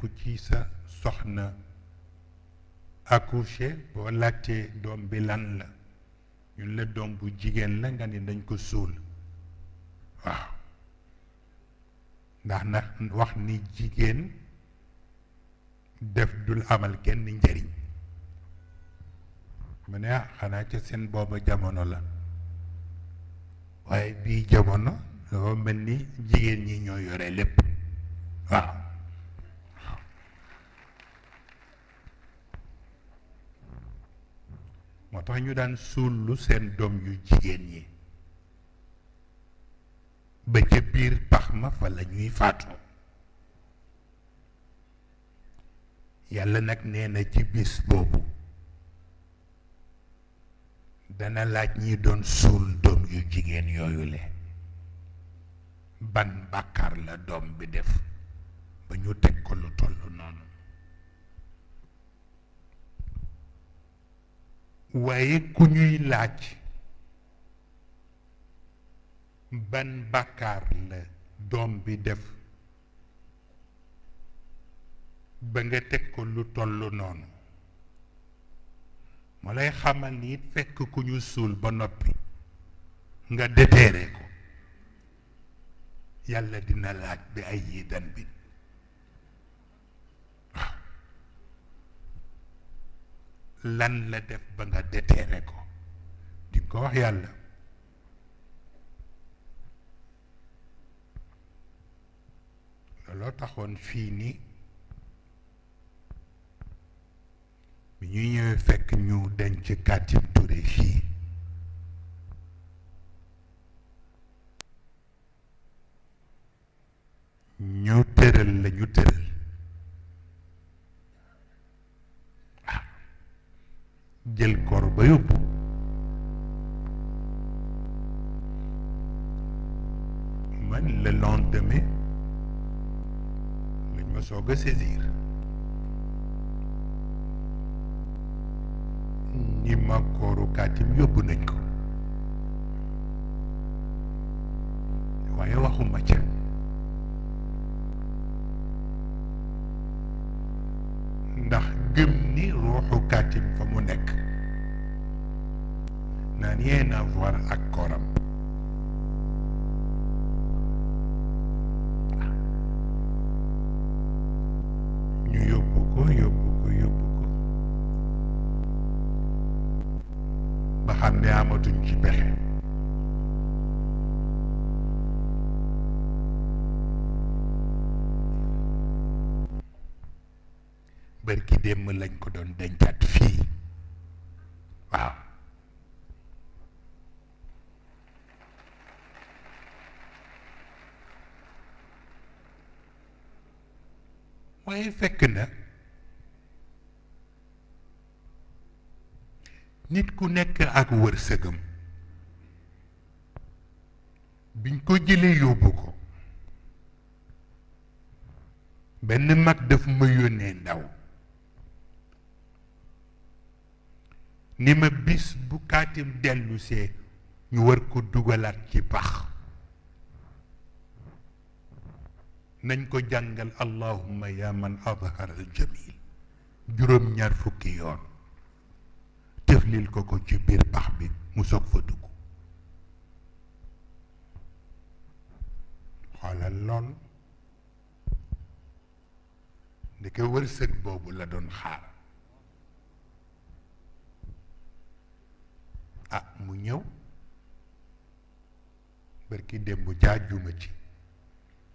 ku ci sa soxna accouché boo laajtee doom bi lan la ñun la doom bu jigéen la nga ni dañ ko suul waaw ndax na wax ni jigéen def dul amal kenn njariñ mu ne ah, xanaa ca seen booba jamono la waaye bii jamono dafa mel ni jigéen ñi ñoo yore lépp waaw moo tax ñu daan lu seen doom yu jigéen ñi ba ca biir pax ma fa la ñuy faatoo yàlla nag nee na ci bis boobu dana laaj ñi doon suul doom yu jigéen yooyule ban bàkkaar la doom bi def ba ñu teg ko lu toll noonu waaye ku ñuy laaj ban bàkkaar la doom bi def ba nga teg ko lu tollu noonu moo lay xamal ni fekk ku ñu suul ba noppi nga déteere ko yàlla dina laaj bi ay yidan bi lan la def ba nga déterré ko di ko wax yàlla looloo taxoon fii nii bi ñuy ñëwee fekk ñu denc Khatib Touré fii ñu tëral la tëral del corbeiopo. man le lendemain lañ ma soog a saisir ñi ma kooru kaatim yóbbu nañ ko waaye waxuma ca ndax gëm ni ruuxu kàttim fa mu nekk n'a rien à voir ak kooram ñu yóbbu ko yóbbu ko yóbbu ko ba xam ne amatuñ ci pexe bërki démb lañ ko doon dencaat fii waaye fekk na nit ku nekk ak wërsëgam biñ ko jëlee yóbbu ko benn mag daf ma yónnee ndaw ni ma bis bu dellusee ñu war ko dugalaat ci pax nañ ko jàngal allahumma ya man azhar al jamil juróom ñaar fukki yoon tëflil ko ko ci biir pax bi mu soog fa dugg xoolal lool ndeke wërsëg boobu la doon xaar ah mu ñëw barki démb juma ci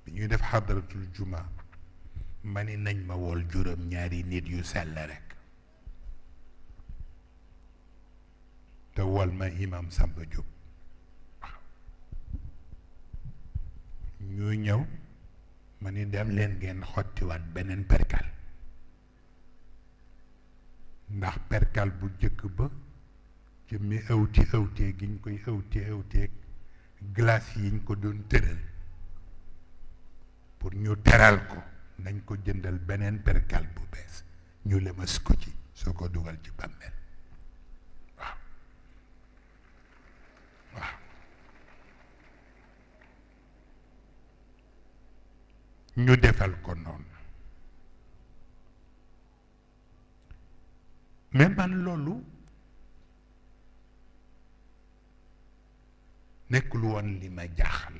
bi ñuy def xadaratul juma ma ni nañ ma wool juróom ñaari nit yu sell rek te wool ma imam Samba Diop ñu ñëw ma ni dem leen ngeen xottiwaat beneen perkal ndax perkal bu jëkk ba jëmmi ëwti ëwtee giñ koy ëwti ëwtee glace yiñ ko doon tëral pour ñu teral ko nañ ko jëndal beneen percal bu bees ñu lëmas ko ci soo ko dugal ci bàmmeel waaw ñu defal ko noonu mais loolu nekkul woon li ma jaaxal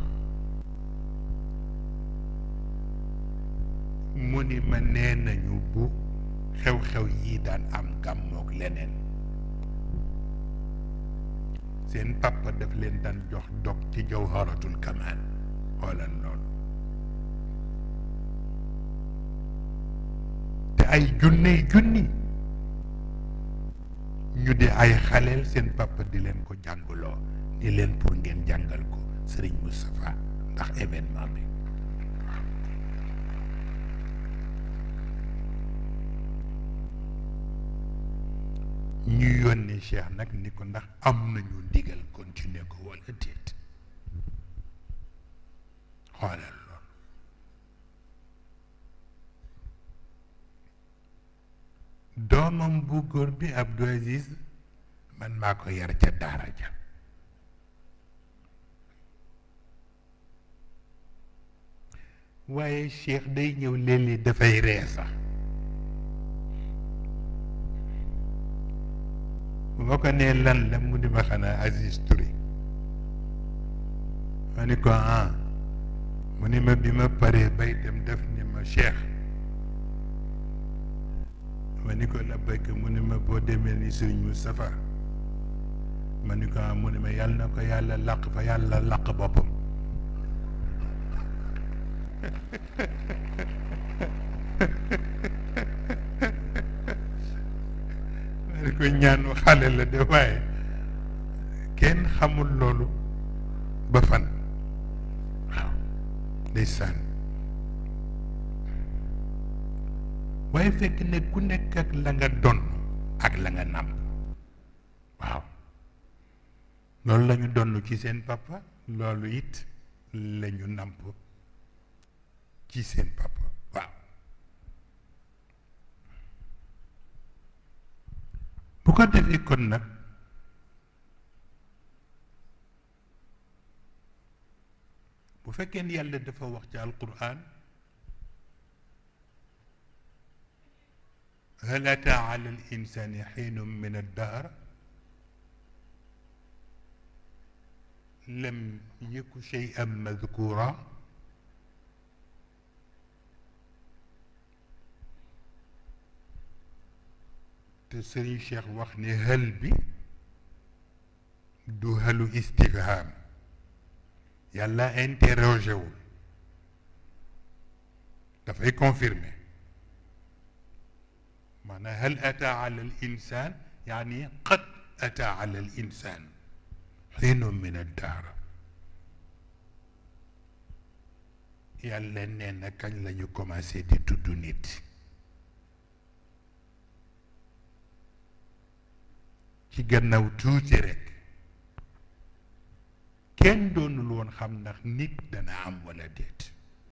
mu ni ma nee nañu bu xew-xew yi daan am gàmmook leneen seen papa daf leen daan jox dog ci jaw kamal xoolal loolu te ay junney junni ñu di ay xaleel seen papa di leen ko jàngloo ni leen pour ngeen jàngal ko Serigne Moustapha ndax événement bi ñu yónnee Cheikh nag ni ko ndax am nañu diggal continuer ko wala déet xoolal lool doomam bu góor bi Abdou Aziz man maa ko yar ca daara ja waaye Cheikh day ñëw léeg-léeg dafay ree sax ba ko nee lan la mu ma xanaa Aziz Touré ma ko ah mu ma bi ma paree bay dem def ni ma Cheikh ma ni ko labbayka mu ni ma boo demee ni Sëriñ Moustapha ma ko ah mu ma yàlla na ko yàlla làq fa yàlla làq boppam ni ko ñaanu xale la de waaye kenn xamul loolu ba fan waaw ndeysaan waaye fekk ne ku nekk ak la nga doon ak la nga nàmp waaw loolu la donn ci seen papa loolu it la ñu nàmp ci seen papa مقدس إيه كنا bu fekkee ni هل أتى على الإنسان حين من الدهر لم يك شيئا مذكورا تسري شيخ وخني هل بي دو هلو استفهام يلا انت روجو تفعي كونفيرمي معنى هل اتى على الانسان يعني قد اتى على الانسان حين من الدهر يلا نينا كان لن يكون سيدي تدونيتي ci gannaaw tuuti rek kenn doonul woon xam ndax nit dana am wala déet